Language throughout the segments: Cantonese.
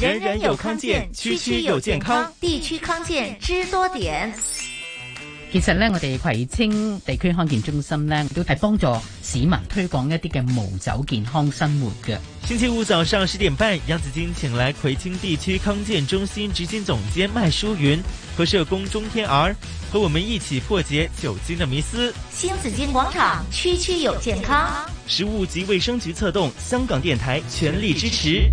人人有康健，區區有健康，區區健康，地區康健，知多點。其實呢，我哋葵青地區康健中心呢，都係幫助市民推廣一啲嘅無酒健康生活嘅。星期五早上十點半，楊子矜請來葵青地區康健中心執行總監麥淑雲和社工鍾天兒，和我們一起破解酒精的迷思。新紫荊廣場區區有健康，食物及衛生局策動，香港電台全力支持。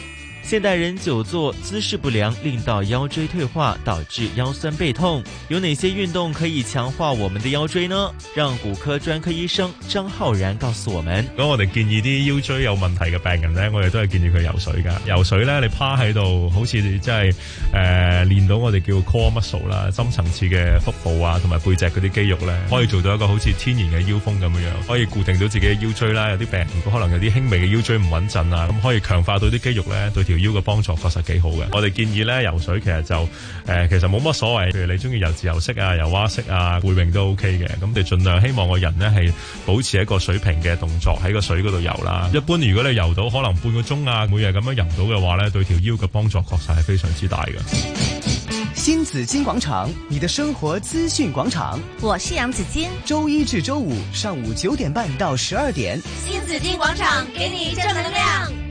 現代人久坐姿勢不良，令到腰椎退化，導致腰酸背痛。有哪些運動可以強化我們的腰椎呢？讓骨科專科醫生張浩然告訴我們：咁我哋建議啲腰椎有問題嘅病人呢，我哋都係建議佢游水噶。游水呢，你趴喺度，好似你即係誒練到我哋叫 core muscle 啦，深層次嘅腹部啊，同埋背脊嗰啲肌肉咧，可以做到一個好似天然嘅腰封咁樣樣，可以固定到自己嘅腰椎啦。有啲病人如果可能有啲輕微嘅腰椎唔穩陣啊，咁可以強化到啲肌肉咧，對條。腰嘅幫助確實幾好嘅，我哋建議咧游水其實就誒、呃，其實冇乜所謂，譬如你中意游自由式啊、游蛙式啊、背泳都 OK 嘅，咁你盡量希望個人呢係保持一個水平嘅動作喺個水嗰度游啦。一般如果你游到可能半個鐘啊，每日咁樣游到嘅話咧，對條腰嘅幫助確實係非常之大嘅。新紫荊廣場，你的生活資訊廣場，我是楊子矜，周一至周五上午九點半到十二點，新紫荊廣場給你正能量。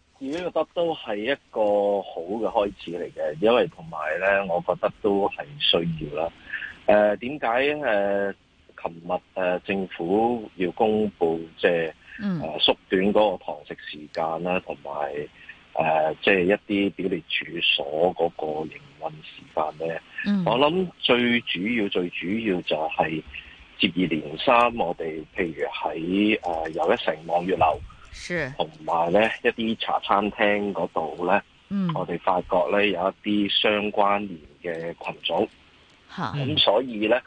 自己覺得都係一個好嘅開始嚟嘅，因為同埋咧，我覺得都係需要啦。誒點解誒？琴日誒政府要公布即係縮短嗰個堂食時間啦，同埋誒即係一啲表列處所嗰個營運時間咧。嗯、我諗最主要最主要就係接二連三我們，我哋譬如喺誒、呃、有一城望月樓。是，同埋咧一啲茶餐廳嗰度咧，嗯、我哋發覺咧有一啲相關聯嘅群組，咁好所以咧，誒、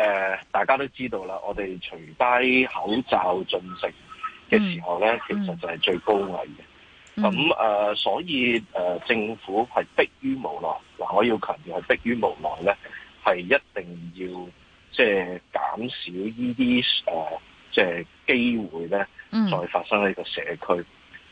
呃、大家都知道啦，我哋除低口罩進食嘅時候咧，嗯嗯、其實就係最高危嘅。咁誒、嗯呃，所以誒、呃、政府係迫於無奈，嗱我要強調係迫於無奈咧，係一定要即係減少、呃、呢啲誒即係機會咧。嗯、再發生呢個社區，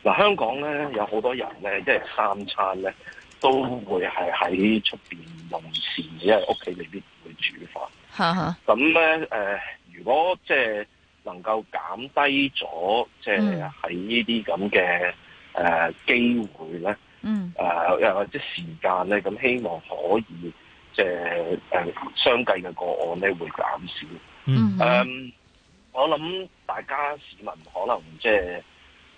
嗱、啊、香港咧、嗯、有好多人咧，一日三餐咧都會係喺出邊用膳，因為屋企未必會煮飯。咁咧誒，如果即係能夠減低咗、呃嗯呃，即係喺呢啲咁嘅誒機會咧，嗯誒或者時間咧，咁希望可以即係誒相繼嘅個案咧會減少。嗯，哼嗯。我諗大家市民可能即係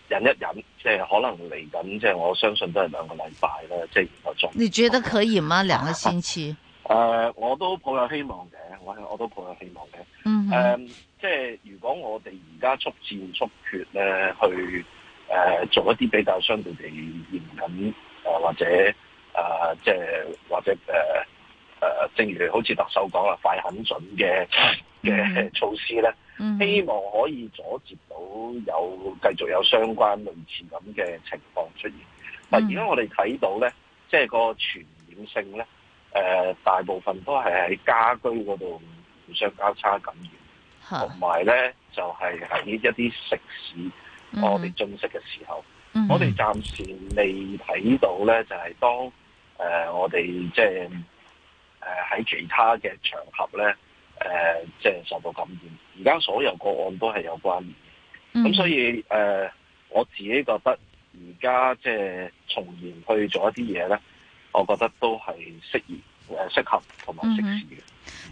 忍一忍，即、就、係、是、可能嚟緊，即係我相信都係兩個禮拜啦，即係兩個鐘。你覺得可以嗎？兩個星期？誒、啊，我都抱有希望嘅，我也我都抱有希望嘅。嗯哼。誒、啊，即、就、係、是、如果我哋而家速戰速決咧，去誒、啊、做一啲比較相對地嚴謹誒，或者誒，即、啊、係、就是、或者誒誒、啊，正如好似特首講啦，快狠、狠、嗯哼、準嘅嘅措施咧。Mm hmm. 希望可以阻截到有繼續有相關類似咁嘅情況出現。嗱、mm，而、hmm. 家我哋睇到咧，即、就、係、是、個傳染性咧，誒、呃、大部分都係喺家居嗰度互相交叉感染，同埋咧就係、是、喺一啲食肆，我哋進食嘅時候，mm hmm. 我哋暫時未睇到咧，就係、是、當誒、呃、我哋即係誒喺其他嘅場合咧。誒，即係、呃、受到感染，而家所有個案都係有關聯嘅，咁所以誒、呃，我自己覺得而家即係從嚴去做一啲嘢咧，我覺得都係適宜、誒適合同埋適時嘅。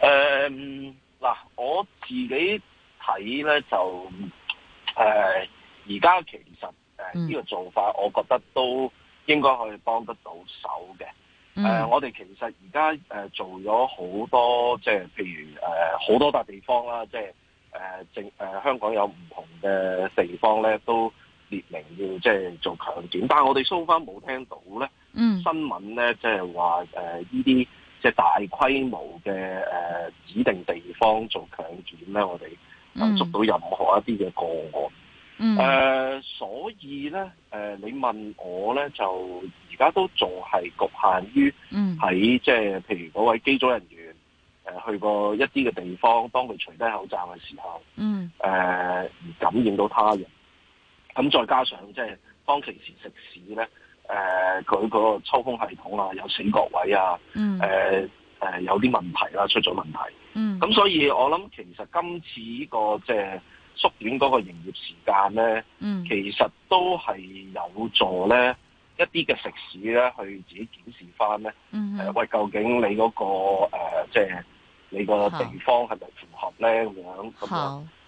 誒，嗱、嗯，我自己睇咧就誒，而、呃、家其實誒呢個做法，我覺得都應該可以幫得到手嘅。誒、呃，嗯、我哋其實而家誒做咗好多，即、就、係、是、譬如誒好多笪地方啦，即係誒政誒香港有唔同嘅地方咧，都列明要即係做強檢，但係我哋 so far 冇聽到咧，新聞咧即係話誒呢啲。就是即係大規模嘅誒指定地方做強檢咧，我哋唔捉到任何一啲嘅個案。誒、嗯呃，所以咧，誒、呃，你問我咧，就而家都仲係局限於喺即係，譬如嗰位機組人員誒、呃、去過一啲嘅地方，當佢除低口罩嘅時候，誒、嗯呃、感染到他人。咁再加上即係、就是、當其時食肆咧。誒佢嗰個抽風系統啊，有死角位啊，誒誒、嗯呃呃、有啲問題啦、啊，出咗問題。嗯，咁所以我諗其實今次依、這個即係、就是、縮短嗰個營業時間咧，嗯、其實都係有助咧一啲嘅食肆咧去自己檢視翻咧。嗯哼，喂、呃，究竟你嗰、那個即係、呃就是、你個地方係咪符合咧咁好樣？好。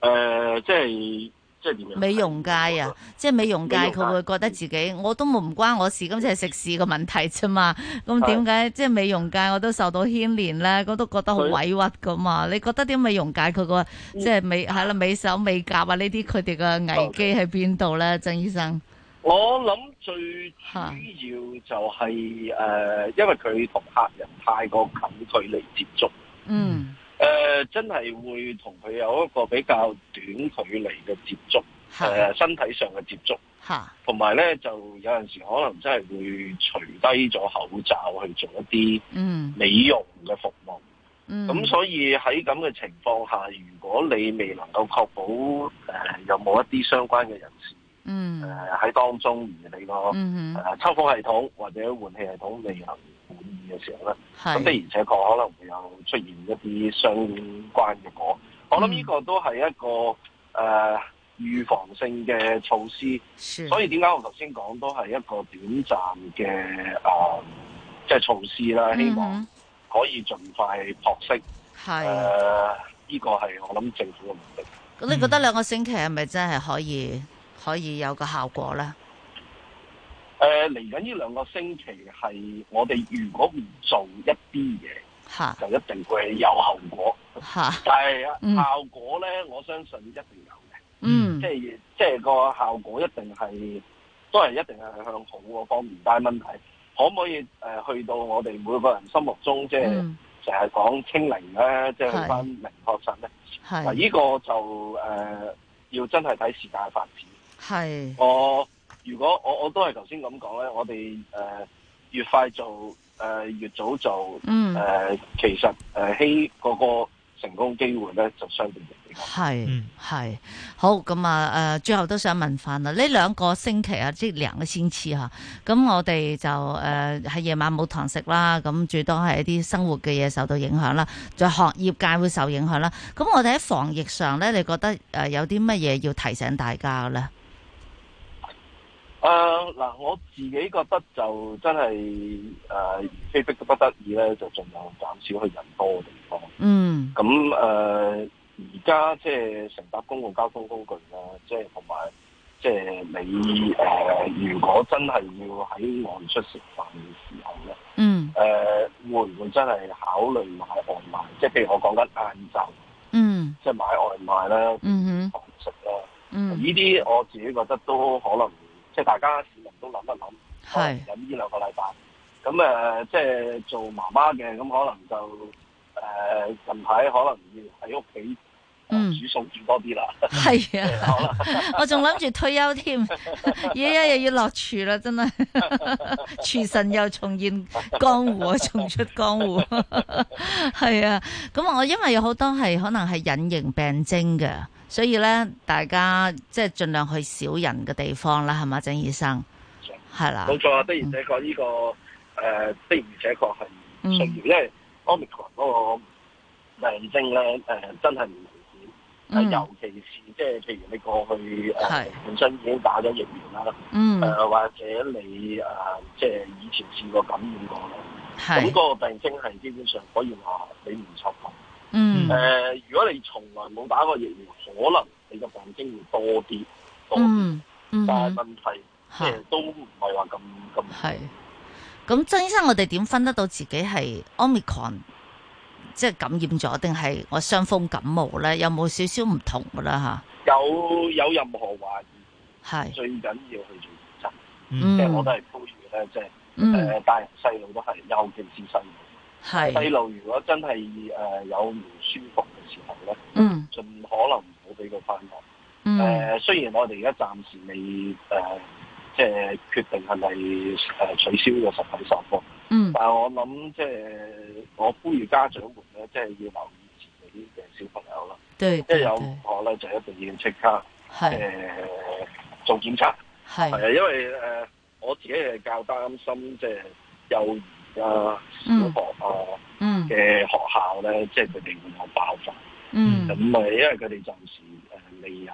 誒、呃，即係即係點樣？美容界啊，即係美容界，佢容會覺得自己，的我都冇唔關我事，咁就係食肆嘅問題啫嘛。咁點解即係美容界，我都受到牽連咧？我都覺得好委屈噶嘛。的你覺得啲美容界佢個即係美係啦，美手美甲啊這些，他的呢啲，佢哋個危機喺邊度咧？曾醫生，我諗最主要就係、是、誒，是的因為佢同客人太過近距離接觸。嗯。誒、呃、真係會同佢有一個比較短距離嘅接觸的、呃，身體上嘅接觸，同埋咧就有陣時可能真係會除低咗口罩去做一啲美容嘅服務，嗯，咁所以喺咁嘅情況下，如果你未能夠確保、呃、有冇一啲相關嘅人士，嗯，喺、呃、當中而你個、嗯哼呃、抽風系統或者換氣系統未能滿意嘅時候咧，咁的而且確可能會有出現一啲相關嘅果，我諗呢個都係一個誒、嗯呃、預防性嘅措施，是所以點解我頭先講都係一個短暫嘅誒即係措施啦，希望可以盡快撲熄。係誒，呢個係我諗政府嘅目的。咁你覺得兩個星期係咪真係可以可以有個效果咧？誒，嚟緊呢兩個星期係我哋如果唔做一啲嘢，哈就一定會有後果。吓哈，但係效果咧，嗯、我相信一定有嘅。嗯，即係即係個效果一定係都係一定係向好個方面，但係問題可唔可以誒、呃、去到我哋每個人心目中，即係成日講清零咧，即係去翻明確實咧。係，嗱，呢個就誒、呃、要真係睇時間發展。係是，我。如果我我都係頭先咁講咧，我哋誒、呃、越快做誒、呃、越早做，誒、嗯呃、其實誒希嗰個成功機會咧就相對就幾高。係係好咁啊！誒、呃，最後都想問翻啦，呢兩個星期啊，即涼嘅先次吓。咁我哋就誒喺、呃、夜晚冇堂食啦，咁最多係一啲生活嘅嘢受到影響啦。就學業界會受影響啦。咁我哋喺防疫上咧，你覺得誒有啲乜嘢要提醒大家咧？誒，嗱、呃，我自己覺得就真係誒、呃，非逼都不得已咧，就盡量減少去人多嘅地方。嗯。咁誒、嗯，而家即係乘搭公共交通工具啦，即係同埋即係你誒、呃，如果真係要喺外出食飯嘅時候咧，嗯，誒、呃，會唔會真係考慮買外賣？即係譬如我講緊晏晝，嗯，即係買外賣啦，嗯哼，食啦。嗯，呢啲我自己覺得都可能。即係大家市民都諗一諗，喺呢兩個禮拜，咁誒是、呃、即係做媽媽嘅，咁可能就誒、呃、近排可能要喺屋企煮餸煮多啲啦。係、嗯、 啊， 我仲諗住退休添，依家又要落廚啦，真係 廚神又重現江湖，重出江湖。係 啊，咁我因為有好多係可能係隱形病徵嘅。所以咧，大家即係、就是、盡量去少人嘅地方啦，係嘛，曾醫生？係啦錯，冇的錯啊！的而且確呢、這個誒，的而且確係需要，因為 Omicron 嗰個病徵咧誒、呃，真係唔明顯。嗯、尤其是即係譬如你過去誒本、呃、是身已經打咗疫苗啦，嗯。誒、呃、或者你誒即係以前試過感染過咧，係是。咁個病徵係基本上可以話你唔錯嗯，誒、呃，如果你從來冇打過疫苗，可能你嘅病症會多啲、嗯，嗯，啲，但係問題即係、啊呃、都唔係話咁咁。係是，咁曾、嗯、醫生，我哋點分得到自己係 Omicron 即係感染咗，定係我傷風感冒咧？有冇少少唔同噶啦吓？有有任何懷疑，係是最緊要去做檢測、嗯，即係我、嗯呃、都係呼籲，誒，即係誒，大人細路都係休嘅咨身。係細路如果真係誒有唔舒服嘅時候咧，嗯，盡可能唔好俾佢翻學。嗯，誒、呃，雖然我哋而家暫時未誒、呃，即係決定係咪誒取消嘅實體授課。嗯，但係我諗即係我呼籲家長們咧，即係要留意自己嘅小朋友啦。對，即係有唔妥咧，就一定要即刻誒是、呃、做檢測。係是，係啊，因為誒、呃、我自己係較擔心即係幼啊，小學啊嘅學校咧，嗯嗯、即係佢哋會有爆發，咁啊、嗯，因為佢哋暫時未有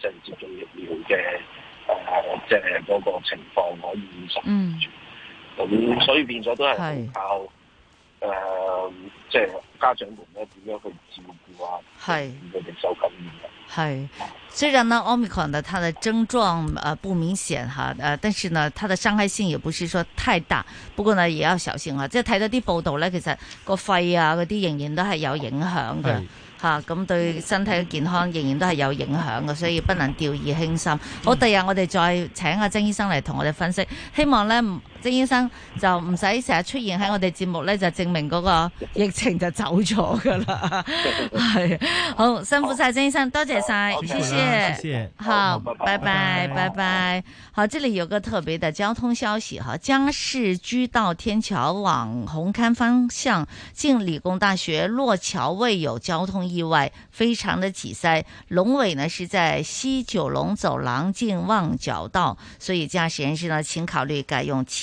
即係接種疫苗嘅、呃、即係個情況可以守住，咁、嗯、所以變咗都係靠是、呃、即係家長們咧點樣去照顧啊，佢哋受感染咁係，雖然呢 Omicron 呢，他的，的症狀、呃、不明顯哈，但是呢，他的傷害性也不是說太大，不過呢，也要小心啊。即係睇到啲報道呢，其實個肺啊嗰啲仍然都係有影響嘅，吓是，咁、啊、對身體嘅健康仍然都係有影響嘅，所以不能掉以輕心。好，第日我哋再請阿、啊、曾醫生嚟同我哋分析，希望呢。曾醫生就唔使成日出現喺我哋節目呢，就證明嗰個疫情就走咗噶啦。係，好辛苦晒，曾好醫生多謝晒，好謝謝。好，謝謝，好，拜拜，拜拜。拜拜。好，這裡有個特別的交通消息，哈，加士居道天橋往紅磡方向，近理工大學落橋位有交通意外，非常的擠塞。龍尾呢是在西九龍走廊近旺角道，所以駕駛人士呢請考慮改用.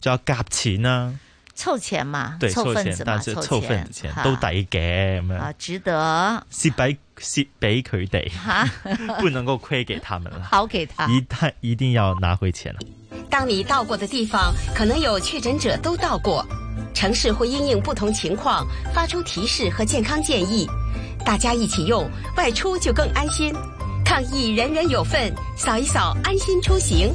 就要夾錢啦，啊，湊錢嘛，對湊，嘛湊錢但是湊份錢，湊錢都抵嘅咁樣，啊，值得蝕俾蝕俾佢哋，不能夠虧給他們啦， 好給他，一旦一定要拿回錢。當你到過的地方，可能有確診者都到過，城市會因應不同情況發出提示和健康建議，大家一起用，外出就更安心。抗疫人人有份，掃一掃安心出行。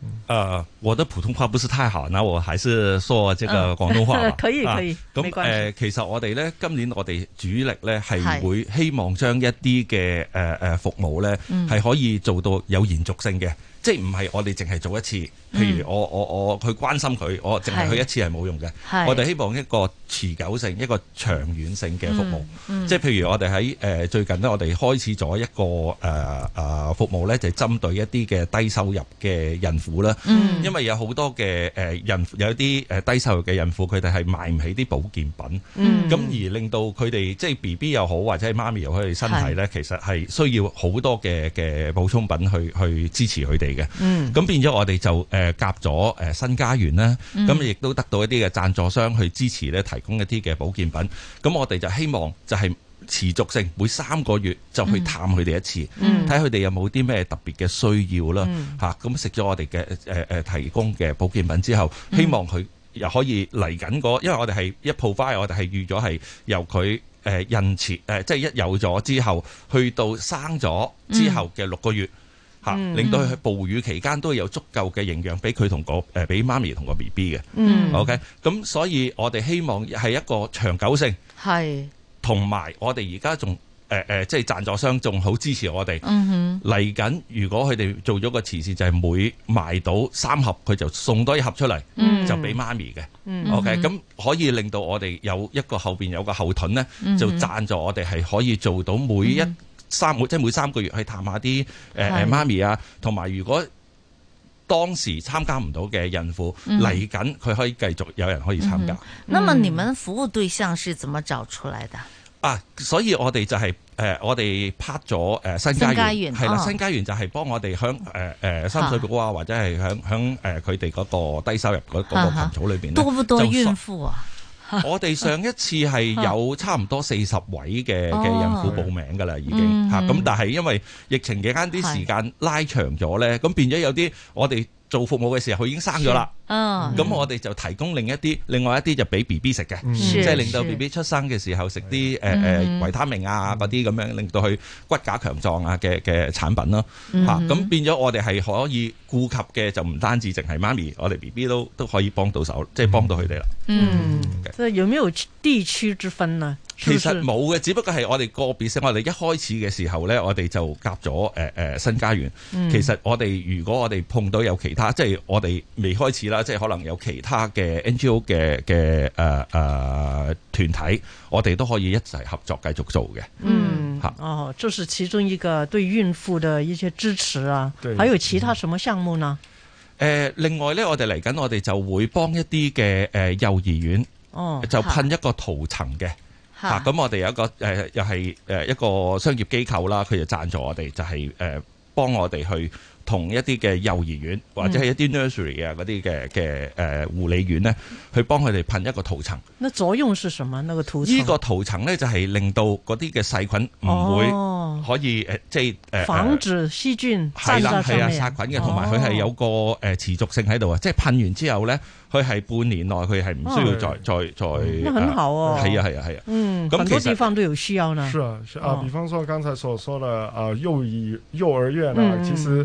誒、呃，我的普通話不是太好，那我還是說這個廣東話吧。嗯、 可以，可以，咁誒、啊呃，其實我哋咧，今年我哋主力咧係會希望將一啲嘅誒誒服務咧，係可以做到有延續性嘅。嗯即係唔係我哋淨係做一次？譬如我我我去關心佢，我淨係去一次係冇用嘅。我哋希望一個持久性、一個長遠性嘅服務，嗯嗯、即係譬如我哋喺誒最近咧，我哋開始咗一個誒誒、呃呃、服務咧，就係、是、針對一啲嘅低收入嘅孕婦啦。嗯、因為有好多嘅誒孕有啲誒低收入嘅孕婦佢哋係買唔起啲保健品。咁、嗯嗯、而令到佢哋即係 BB 又好，或者係媽咪又好，佢哋身體咧是其實係需要好多嘅嘅補充品去去支持佢哋。嘅，咁、嗯、變咗我哋就誒夾咗誒新家園啦，咁亦都得到一啲嘅贊助商去支持咧，提供一啲嘅保健品。咁我哋就希望就係持續性每三個月就去探佢哋一次，睇下佢哋有冇啲咩特別嘅需要啦。吓，咁食咗我哋嘅誒誒提供嘅保健品之後，嗯、希望佢又可以嚟緊嗰因為我哋係一 p r 我哋係預咗係由佢誒孕前誒，即係一有咗之後，去到生咗之後嘅六個月。嗯吓，令到佢喺哺乳期間都有足夠嘅營養給和，俾佢同個誒，俾媽咪同個 B B 嘅。嗯，OK，咁所以我哋希望係一個長久性，係是。同埋我哋而家仲誒誒，即係贊助商仲好支持我哋。嚟緊、嗯哼，如果佢哋做咗個慈善，就係、是、每賣到三盒，佢就送多一盒出嚟，嗯、就俾媽咪嘅。OK 咁可以令到我哋有一個後邊有個後盾咧，就贊助我哋係可以做到每一。三每即係每三個月去探下啲誒媽咪啊，同埋是如果當時參加唔到嘅孕婦嚟緊，佢、嗯、可以繼續有人可以參加、嗯。那麼你們服務對象是怎麼找出來的？嗯、啊，所以我哋就係、是呃、我哋拍咗新家園係啦，新家園就係幫我哋響誒深水埗啊，或者係響佢哋嗰個低收入嗰、那、嗰個羣、啊、哈組裏邊，多不多孕婦啊？ 我哋上一次係有差唔多四十位嘅嘅孕婦報名㗎啦，已經嚇，咁、嗯、但係因為疫情期間啲時間拉長咗咧，咁的變咗有啲我哋。做服務嘅時候，佢已經生咗啦。嗯，咁我哋就提供另一啲，另外一啲就俾 B B 食嘅，即係令到 B B 出生嘅時候食啲誒誒維他命啊嗰啲咁樣，令到佢骨骼強壯啊嘅嘅產品咯嚇。咁變咗我哋係可以顧及嘅，就唔單止淨係媽咪，我哋 B B 都都可以幫到手，即係幫到佢哋啦。嗯，即係有冇地區之分呢？其實冇嘅，只不過係我哋個別性。我哋一開始嘅時候呢，我哋就夾咗誒誒新家園。嗯、其實我哋如果我哋碰到有其他，即係我哋未開始啦，即係可能有其他嘅 NGO 嘅嘅誒誒團體，我哋都可以一齊合作繼續做嘅。嗯，吓、啊、哦，這、就是其中一個對孕婦嘅一些支持啊，對還有其他什麼項目呢？誒、嗯呃，另外呢，我哋嚟緊，我哋就會幫一啲嘅誒幼兒園，哦、就噴一個塗層嘅。咁、啊、我哋有一個，誒、呃，又係誒一個商業機構啦，佢就贊助我哋，就係誒幫我哋去。同一啲嘅幼兒園或者係一啲 nursery 啊嗰啲嘅嘅誒護理院呢，去幫佢哋噴一個塗層。那作用是什麼？那個塗層，呢個塗層呢，就係令到嗰啲嘅細菌唔會可以誒，即係誒防止細菌係啦，係啊殺菌嘅，同埋佢係有個持續性喺度啊，即係噴完之後呢，佢係半年內佢係唔需要再再再。很好喎。係啊，係啊，係啊。咁多地方都有需要呢。是啊，比方說剛才所說啦，啊幼兒幼兒園啦，其實。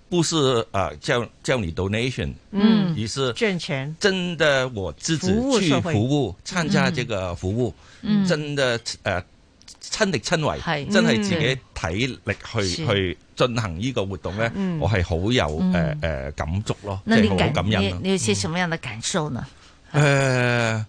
不是啊，叫叫你 donation，嗯，於是，掙錢，真的我自己去服務參加這個服務，嗯，真的誒親力親為，真係自己體力去去進行呢個活動咧，我係好有誒誒感觸咯，即係好感恩。你有些什麼樣的感受呢？誒，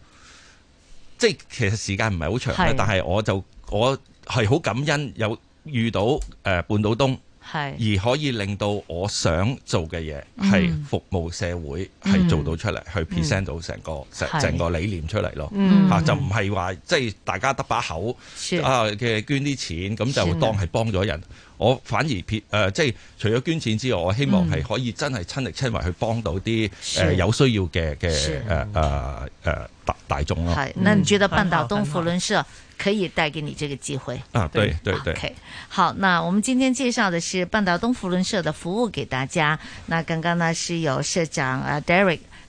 即係其實時間唔係好長，但係我就我係好感恩有遇到誒半島東。而可以令到我想做嘅嘢，係、嗯、服務社會，係做到出嚟，嗯、去 present 到成個成、嗯、整個理念出嚟咯。嚇是、嗯啊，就唔係話，即係大家得把口是啊嘅捐啲錢，咁就當係幫咗人。我反而撇誒，即係除咗捐錢之外，我希望係可以真係親力親為去幫到啲誒有需要嘅嘅誒誒誒大大眾咯。係，那你覺得《半島東扶輪社》可以帶給你這個機會？啊，對對對。好，那我們今天介紹的是《半島東扶輪社》的服務給大家。那剛剛呢是有社長啊，Derrick。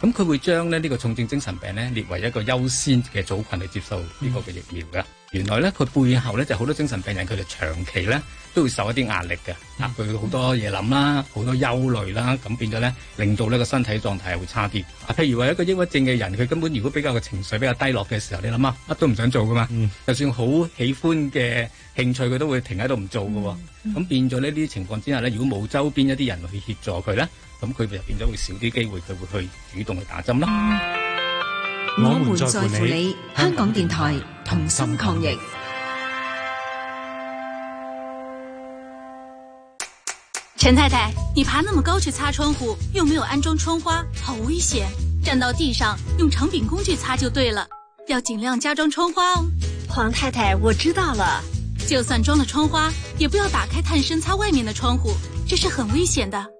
咁佢會將咧，呢個重症精神病咧，列為一個優先嘅組群嚟接受呢個嘅疫苗嘅。嗯、原來咧佢背後咧就好多精神病人，佢哋長期咧都會受一啲壓力嘅，吓佢好多嘢諗啦，好多憂慮啦，咁變咗咧令到呢個身體狀態會差啲。啊，譬如話一個抑鬱症嘅人，佢根本如果比較個情緒比較低落嘅時候，你諗下乜都唔想做噶嘛，嗯、就算好喜歡嘅興趣佢都會停喺度唔做噶、哦。咁、嗯、變咗呢啲情況之下咧，如果冇周邊一啲人去協助佢咧。咁佢就變咗會少啲機會，佢會去主動去打針啦。我們在乎你，香港電台同心抗疫。陳太太，你爬那麼高去擦窗戶，又沒有安裝窗花，好危險！站到地上用長柄工具擦就對了，要盡量加裝窗花哦。黃太太，我知道了，就算裝了窗花，也不要打開探身擦外面的窗戶，這是很危險的。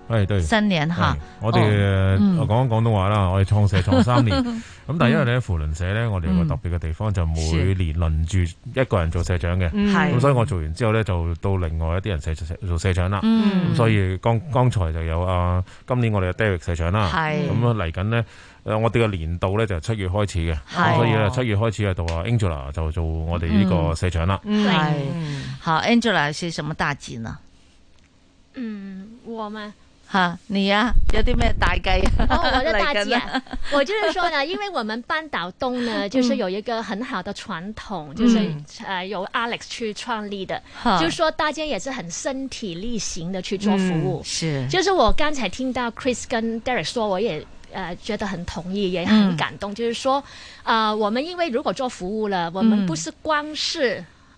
係，對新年吓，我哋我講講廣東話啦。我哋創社創三年，咁但係因為呢扶輪社咧，我哋有個特別嘅地方，就每年輪住一個人做社長嘅，咁所以我做完之後咧，就到另外一啲人社做社長社長啦。咁所以剛剛才就有啊，今年我哋嘅 Derrick 社長啦，咁嚟緊咧，誒，我哋嘅年度咧就七月開始嘅，所以七月開始啊到啊 Angela 就做我哋呢個社長啦。係好，Angela 寫什麼大字呢？嗯，我們。哈你啊！有啲咩大計，哦？我的大計， 跟呢 我就是說呢，因為我們半島東呢，就是有一個很好的傳統，嗯、就是、呃、由 Alex 去創立的，嗯、就是說大家也是很身體力行的去做服務。嗯、是，就是我剛才聽到 Kris 跟 Derrick 說，我也誒、呃、覺得很同意，也很感動。嗯、就是說，啊、呃，我們因為如果做服務了，我們不是光是。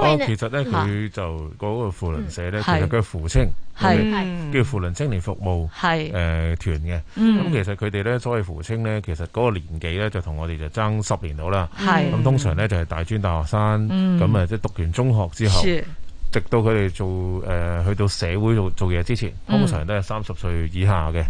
哦，其實咧佢就嗰個扶輪社咧，其實佢係扶青，叫扶輪青年服務誒團嘅。咁其實佢哋咧所謂扶青咧，其實嗰個年紀咧就同我哋就爭十年到啦。咁通常咧就係大專大學生，咁啊即係讀完中學之後，直到佢哋做誒去到社會做做嘢之前，通常都係三十歲以下嘅。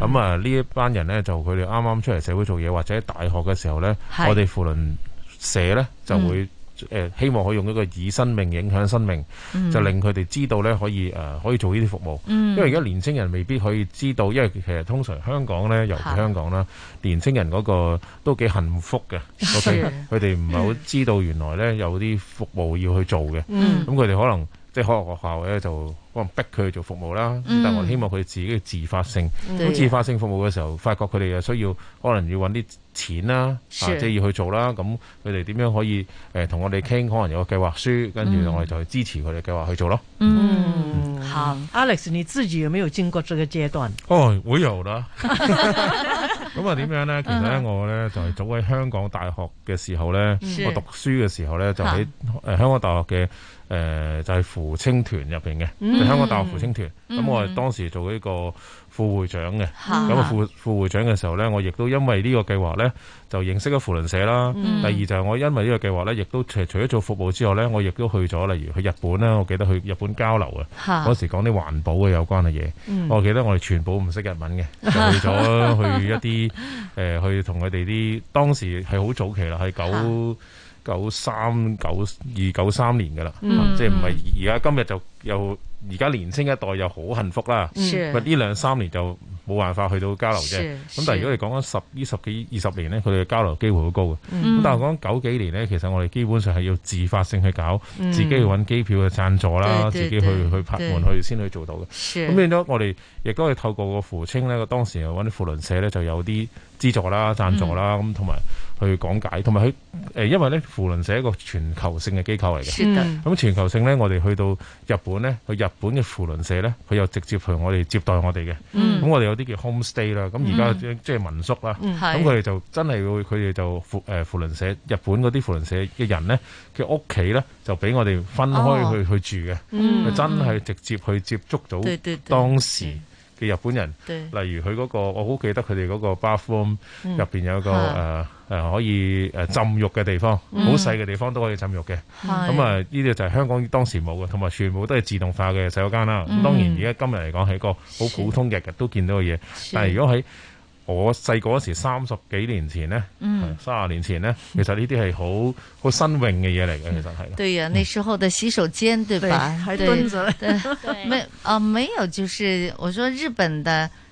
咁啊呢一班人咧就佢哋啱啱出嚟社會做嘢或者喺大學嘅時候咧，我哋扶輪社咧就會。誒希望可以用一個以生命影響生命，就令佢哋知道呢可以誒可以做呢啲服務，因為而家年青人未必可以知道，因為其實通常香港呢，尤其香港啦，是的 年青人嗰個都幾幸福嘅，所以佢哋唔係好知道原來呢有啲服務要去做嘅，咁佢哋可能。即係開學學校咧，就可能逼佢去做服務啦。嗯、但我希望佢自己嘅自發性，啊、自發性服務嘅時候，發覺佢哋又需要可能要搵啲錢啦，是啊、即係要去做啦。咁佢哋點樣可以誒同、呃、我哋傾？可能有個計劃書，跟住我哋就去支持佢哋計劃去做咯。嗯，嗯好，Alex，你自己有沒有經過這個階段？哦，我有啦。 咁啊點樣咧？其實咧我咧、嗯、哼就係早喺香港大學嘅時候咧，是我讀書嘅時候咧就喺、是、香港大學嘅誒、呃、就係、是、扶青團入邊嘅，嗯、就香港大學扶青團。咁、嗯、我係當時做呢個副會長嘅，咁、啊、副副會長嘅時候咧，我亦都因為呢個計劃咧，就認識咗扶輪社啦。嗯、第二就係我因為呢個計劃咧，亦都除除咗做服務之外咧，我亦都去咗，例如去日本啦。我記得去日本交流啊。嗰時講啲環保嘅有關嘅嘢，嗯、我記得我哋全部唔識日文嘅，就去咗去一啲誒、 呃，去同佢哋啲當時係好早期啦，係九是、啊、九三九二九三年噶啦，嗯、即係唔係而家今日就有。而家年輕一代又好幸福啦，呢兩、嗯、三年就冇辦法去到交流啫。咁、嗯、但係如果你講緊十呢是十幾二十年咧，佢哋嘅交流機會好高嘅。咁、嗯、但係講九幾年咧，其實我哋基本上係要自發性去搞，嗯、自己去揾機票嘅贊助啦，自己去去拍門去先去做到嘅。咁變咗對對我哋亦都係透過個扶青咧，個當時揾啲扶輪社咧就有啲。資助啦、贊助啦，咁同埋去講解，同埋佢誒，因為咧扶輪社係一個全球性嘅機構嚟嘅，咁、嗯、全球性咧，我哋去到日本咧，去日本嘅扶輪社咧，佢又直接陪我哋接待我哋嘅，咁我哋有啲叫 home stay 啦，咁而家即係民宿啦，咁佢哋就真係會，佢哋就扶、呃、扶輪社日本嗰啲扶輪社嘅人咧嘅屋企咧，就俾我哋分開去、哦、去住嘅，嗯、真係直接去接觸到當時。日本人，例如佢嗰、嗰個，我好記得佢哋嗰個 bathroom 入邊有個誒誒、嗯呃、可以誒浸浴嘅地方，好細嘅地方都可以浸浴嘅。咁啊，呢啲就係香港當時冇嘅，同埋全部都係自動化嘅洗手間啦。咁、嗯、當然而家今日嚟講係一個好普通嘅，日日是都見到嘅嘢。是但係如果喺我細個嗰時三十幾年前呢，嗯、三十年前呢，其實呢啲係好好新穎嘅嘢嚟嘅，其實係。對啊，嗯、那時候嘅洗手間，對吧？對，蹲對，對，對，沒對 啊，沒有，就是我說日本的。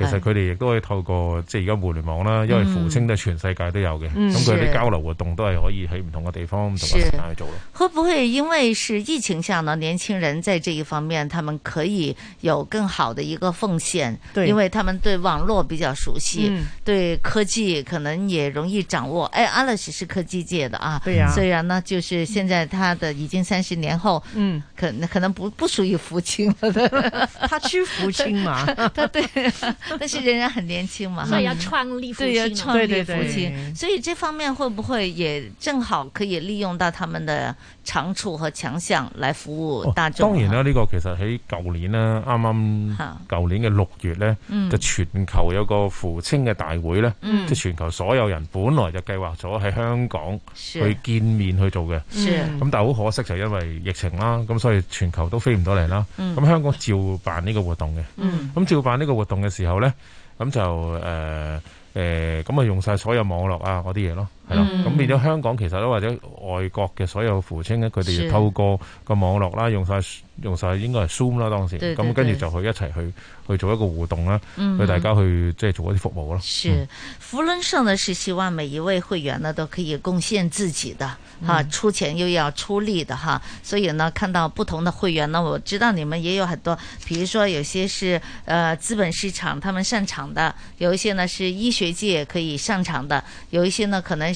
其實佢哋亦都可以透過即係而家互聯網啦，因為扶青都全世界都有嘅，咁佢啲交流活動都係可以喺唔同嘅地方是不同埋時間去做咯。會不會因為是疫情下呢？年輕人在這一方面，他們可以有更好的一個奉獻，對因為他們對網絡比較熟悉，嗯、對科技可能也容易掌握。哎，Alex 是是科技界的啊，雖然、啊、呢，就是現在他的已經三十年後，嗯，可可能不不屬於扶青，他去扶輪嘛，他 但是仍然很年輕嘛，所以、 嗯、要創立扶青，對，要創立扶青，對對對，所以這方面會不會也正好可以利用到他們的長處和強項來服務大眾，啊哦？當然啦，呢、呢個其實喺舊年咧，啱啱舊年嘅六月咧，好就全球有個扶青嘅大會咧，即係、嗯、全球所有人本來就計劃咗喺香港去見面去做嘅，咁、嗯、但係好可惜就是因為疫情啦，咁所以全球都飛唔到嚟啦，咁、嗯、香港照辦呢個活動嘅，咁、嗯、照辦呢個活動嘅時候呢。咧，咁就誒誒咁啊，用晒所有網絡啊嗰啲嘢咯。係咯，咁變咗香港其實咧，或者外國嘅所有父親咧，佢哋要透過個網絡啦，用晒用晒應該係 Zoom 啦，當時，咁跟住就一去一齊去去做一個互動啦，嗯、去大家去即係、就是、做一啲服務咯。是扶輪社呢，嗯、上是希望每一位會員呢都可以貢獻自己的，吓、啊嗯、出錢又要出力的，哈、啊，所以呢，看到不同的會員呢，我知道你們也有很多，比如說有些是，呃，資本市場他們擅長的，有一些呢是醫學界可以上場的，有一些呢可能。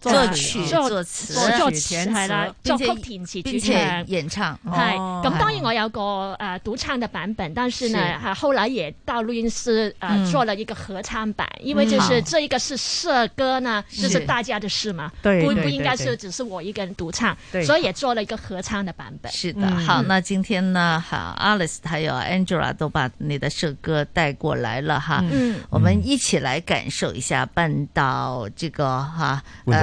作曲作詞係啦，作曲填詞並且演唱係。咁當然我有個呃獨唱的版本，但是呢，後來也到錄音室啊做了一個合唱版，因為就是這一個是社歌呢，就是大家的事嘛，不不應該是只是我一個人獨唱，所以也做了一個合唱的版本。是的，好，那今天呢，哈，Alex 還有 Angela 都把你的社歌帶過來了哈，嗯，我們一起來感受一下半島這個哈，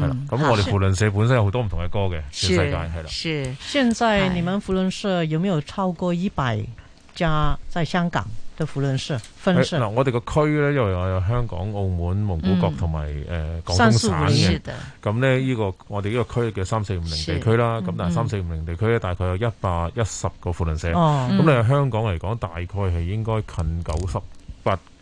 係啦，咁、嗯、我哋扶輪社本身有好多唔同嘅歌嘅，是全世界係啦。是，是現在你們扶輪社有沒有超過一百家在香港的扶輪社分社？嗱、呃，我哋個區呢，因為我有香港、澳門、蒙古國同埋誒廣東省嘅。咁咧，呢個我哋呢個區嘅三四五零的、這個、地區啦，咁是但係三四五零地區呢，大概有一百一十個扶輪社。咁你喺香港嚟講，大概係應該近九十。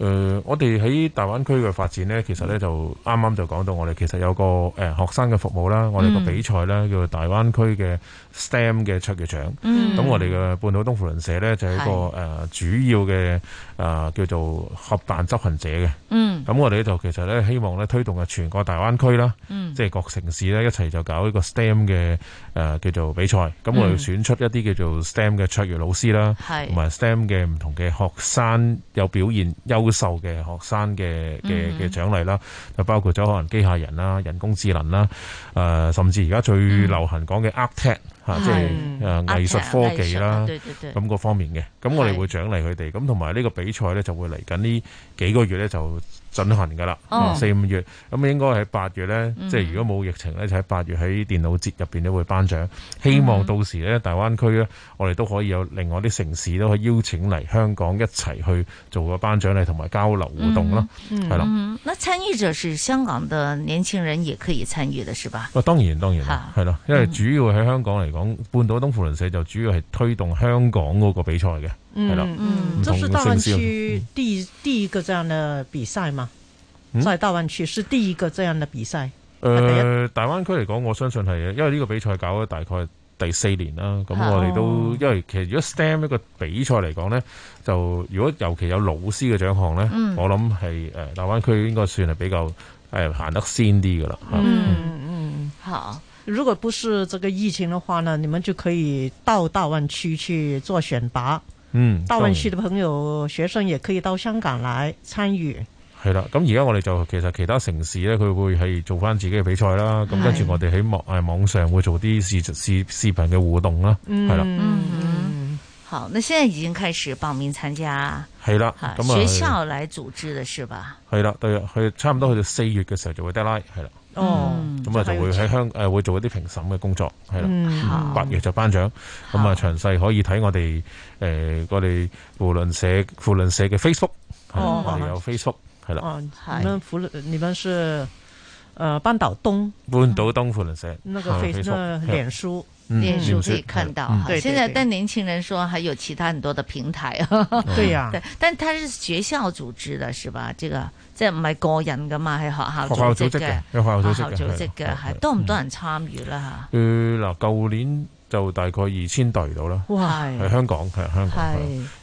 誒、呃，我哋喺大灣區嘅發展呢，其實呢就啱啱就講到，我哋其實有個誒學生嘅服務啦，嗯、我哋個比賽呢叫做大灣區嘅。STEM 嘅卓越獎，咁、嗯、我哋嘅半島東扶輪社咧就係、是、一個誒是、呃、主要嘅誒、呃、叫做合辦執行者嘅，咁、嗯、我哋呢度其實咧希望咧推動啊全國大灣區啦，嗯、即係各城市咧一齊就搞呢個 STEM 嘅誒、呃、叫做比賽，咁我哋選出一啲叫做 STEM 嘅卓越老師啦，是同埋 STEM 嘅唔同嘅學生有表現優秀嘅學生嘅嘅嘅獎勵啦，嗯、就包括咗可能機械人啦、人工智能啦，誒、呃、甚至而家最流行講嘅 Art Tech 啊、即係誒、嗯、藝術科技啦，咁個方面嘅，咁我哋會獎勵佢哋，咁同埋呢個比賽咧就會嚟緊呢幾個月咧就進行㗎啦，四五、哦、月，咁應該喺八月呢。即係如果冇疫情呢，嗯、就喺八月喺電腦節入邊都會頒獎。希望到時呢，大灣區呢，我哋都可以有另外啲城市都可以邀請嚟香港一齊去做個頒獎禮同埋交流互動咯，係啦、嗯。嗯、的那參與者是香港的年輕人也可以參與的，是吧？啊，當然當然啦，係咯好，因為主要喺香港嚟講，半島東扶輪社就主要係推動香港嗰個比賽嘅。係啦，嗯，嗯，這是大灣區第第一個這樣的比賽嘛？在大灣區是第一個這樣的比賽。誒、嗯呃，大灣區嚟講，我相信係，因為呢個比賽搞咗大概第四年啦。咁我哋都因為其實如果 STEM 一個比賽嚟講咧，就如果尤其有老師嘅獎項咧，嗯、我諗係誒大灣區應該算係比較誒行、哎、得先啲噶啦嗯嗯，吓，如果不是這個疫情的話呢，你們就可以到大灣區去做選拔。嗯，大灣區嘅朋友、嗯、學生也可以到香港來參與。係啦，咁而家我哋就其實其他城市咧，佢會係做返自己嘅比賽啦。咁唉跟住我哋喺網誒網上會做啲視視視頻嘅互動啦。係啦、嗯了嗯，嗯，好，那現在已經開始報名參加。係啦，咁、就是、學校來組織嘅是吧？係啦，對，佢差唔多去到四月嘅時候就會 deadline 啦，係啦。哦，咁啊就會喺香港誒會做一啲評審嘅工作，係啦，八月就頒獎，咁啊詳細可以睇我哋誒我哋扶輪社扶輪社嘅 Facebook，有 Facebook 係啦，你們你們是誒半島東，半島東扶輪社，那個 Facebook 臉書臉書可以看到，對，現在但年輕人說還有其他很多的平台，對呀，但他是學校組織的，是吧？這個。即係唔係個人噶嘛？喺學校組織嘅，學校組織嘅，學校組織嘅，係多唔多人參與啦嚇？嗱，舊年就大概二千隊到啦，係香港，喺香港，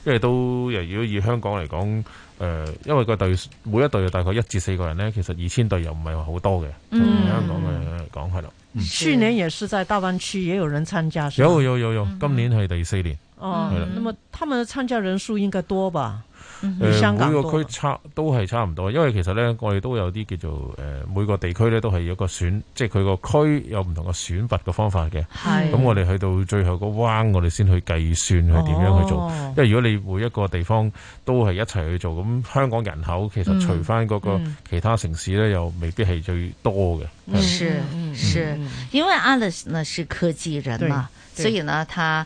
因為都如果以香港嚟講，誒，因為個隊每一隊大概一至四個人咧，其實二千隊又唔係話好多嘅，香港嘅嚟講係咯。去年也是在大灣區也有人參加，有有有有，今年係第四年。哦，咁麼他們參加人數應該多吧？誒，每個區差都係差唔多，因為其實咧，我哋都有啲叫做誒、呃，每個地區咧都係有個選，即係佢個區有唔同個選拔嘅方法嘅。係是，咁、嗯、我哋去到最後個彎，我哋先去計算係點樣去做。哦、因為如果你每一個地方都係一齊去做，咁香港人口其實除翻嗰個其他城市咧，嗯嗯、又未必係最多嘅。是是，是嗯、因為 Alex 呢是科技人嘛，所以呢，佢。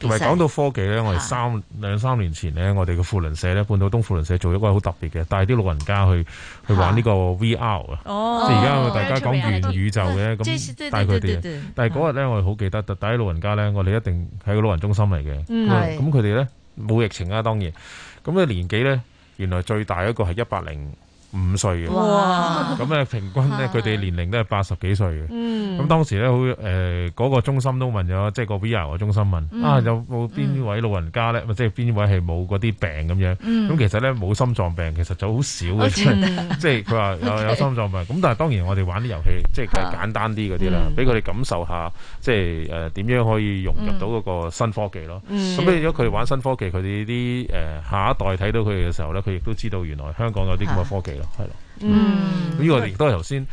同埋講到科技咧，我哋三兩三年前咧，我哋嘅扶輪社咧，半島東扶輪社做一個好特別嘅，帶啲老人家去去玩呢個 VR 啊，哦、即係而家大家講元宇宙嘅咁，哦、帶佢哋。哦、但係嗰日咧，我哋好記得，帶啲老人家咧，我哋一定喺個老人中心嚟嘅，咁佢哋咧冇疫情啊，當然，咁、那、咧、個、年紀咧，原來最大一個係一百零五歲嘅，咁咧平均咧，佢哋年齡都係八十幾歲嘅。咁當時咧，好誒嗰個中心都問咗，即係個 VR 嘅中心問啊，有冇邊位老人家咧？即係邊位係冇嗰啲病咁樣？咁其實咧冇心臟病，其實就好少嘅。即係佢話有有心臟病。咁但係當然我哋玩啲遊戲，即係簡單啲嗰啲啦，俾佢哋感受下，即係誒點樣可以融入到嗰個新科技咯。咁咧如果佢哋玩新科技，佢哋啲誒下一代睇到佢哋嘅時候咧，佢亦都知道原來香港有啲咁嘅科技咯。係咯，嗯，呢個亦都係頭先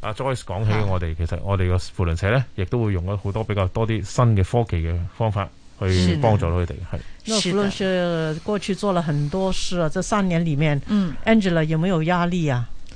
阿 Joyce 講起我。我哋，嗯、其實我哋個扶輪社咧，亦都會用咗好多比較多啲新嘅科技嘅方法去幫助到佢哋。係，那扶輪社過去做了很多事，啊，這三年裏面，Angela 有冇有壓力啊？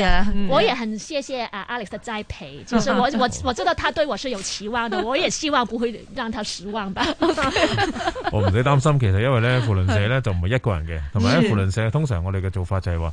Yeah, yeah. 我也很謝謝啊 Alex 的栽培，就是我我我知道他對我是有期望的，我也希望不會讓他失望吧。我唔使擔心，其實因為咧，扶輪社咧 就唔係一個人嘅，同埋咧扶輪社通常我哋嘅做法就係、是、話。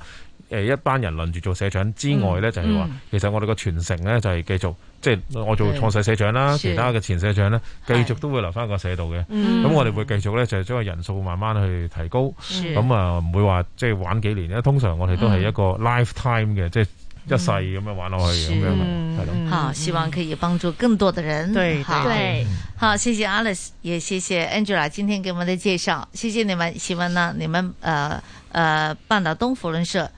誒一班人輪住做社長之外咧，就係話其實我哋個傳承咧，就係繼續即係我做創社社長啦，其他嘅前社長咧，繼續都會留返個社度嘅。咁我哋會繼續咧，就係將個人數慢慢去提高。咁啊，唔會話即係玩幾年，因為通常我哋都係一個 lifetime 嘅，即係一世咁樣玩落去咁樣，係咯。好，希望可以幫助更多嘅人。對，好，謝謝 Alex，也謝謝 Angela，今天給我們的介紹。謝謝你們，希望呢，你們誒誒，半島東扶輪社。